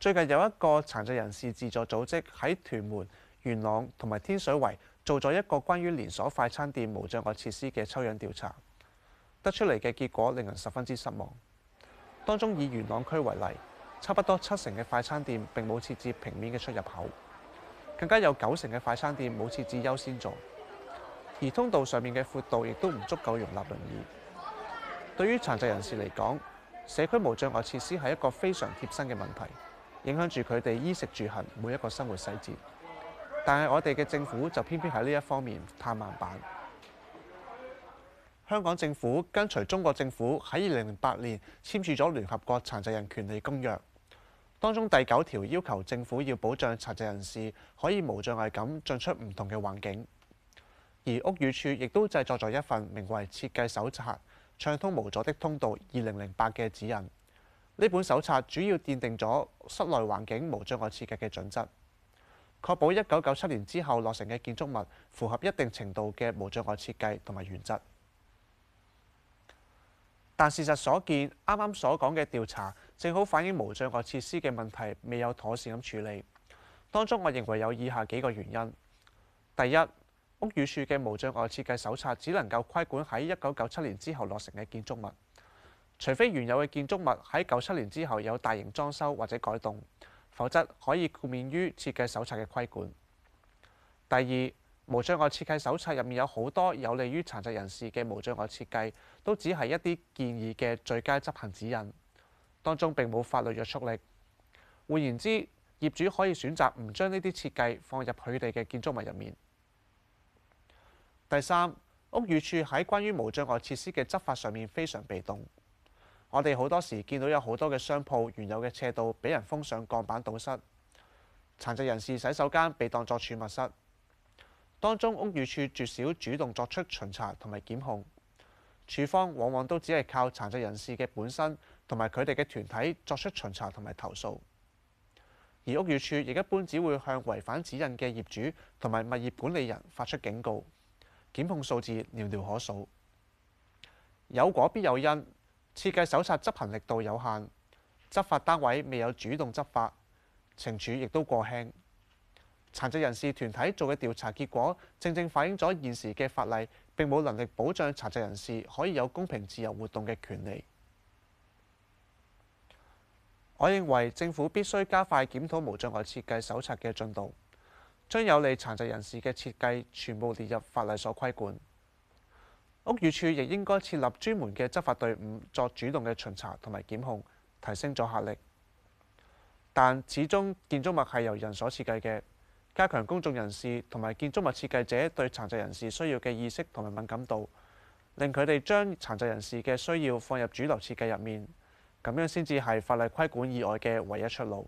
最近有一個殘疾人士自助組織喺屯門、元朗同埋天水圍做咗一個關於連鎖快餐店無障礙設施嘅抽樣調查，得出嚟嘅結果令人十分之失望。當中以元朗區為例，差不多七成嘅快餐店並冇設置平面嘅出入口，更加有九成嘅快餐店冇設置優先座，而通道上面嘅闊度亦都唔足夠容納輪椅。對於殘疾人士嚟講，社區無障礙設施係一個非常貼身嘅問題。影響住佢哋衣食住行每一個生活細節，但係我哋嘅政府就偏偏喺呢一方面嘆慢板。香港政府跟隨中國政府喺二零零八年簽署咗聯合國殘疾人權利公約，當中第九條要求政府要保障殘疾人士可以無障礙咁進出唔同嘅環境。而屋宇署亦都製作咗一份名為《設計手冊：暢通無阻的通道二零零八》嘅指引。呢本手冊主要奠定咗室內環境無障礙設計嘅準則，確保一九九七年之後落成嘅建築物符合一定程度嘅無障礙設計同埋原則。但事實所見，啱啱所講嘅調查正好反映無障礙設施嘅問題未有妥善咁處理。當中，我認為有以下幾個原因：第一，屋宇署嘅無障礙設計手冊只能夠規管喺一九九七年之後落成嘅建築物。除非原有嘅建築物喺九七年之後有大型裝修或者改動，否則可以豁免於設計手冊嘅規管。第二，無障礙設計手冊入面有好多有利於殘疾人士嘅無障礙設計，都只係一啲建議嘅最佳執行指引，當中並冇法律約束力。換言之，業主可以選擇唔將呢啲設計放入佢哋嘅建築物入面。第三，屋宇處喺關於無障礙設施嘅執法上面非常被動。我哋好多時見到有好多嘅商鋪原有嘅斜道俾人封上鋼板堵塞，殘疾人士洗手間被當作儲物室。當中屋宇處絕少主動作出巡查同埋檢控，處方往往都只係靠殘疾人士嘅本身同埋佢哋嘅團體作出巡查同埋投訴，而屋宇處亦一般只會向違反指引嘅業主同埋物業管理人發出警告，檢控數字寥寥可數。有果必有因。設計手冊執行力度有限，執法單位未有主動執法，懲處亦都過輕。殘疾人士團體做嘅調查結果，正正反映咗現時嘅法例，並冇能力保障殘疾人士可以有公平自由活動嘅權利。我認為政府必須加快檢討無障礙設計手冊嘅進度，將有利殘疾人士嘅設計全部列入法例所規管。屋宇署亦應該設立專門嘅執法隊伍，作主動嘅巡查同埋檢控，提升阻嚇力。但始終建築物係由人所設計嘅，加強公眾人士同埋建築物設計者對殘疾人士需要嘅意識同埋敏感度，令佢哋將殘疾人士嘅需要放入主流設計入面，咁樣先至係法律規管以外嘅唯一出路。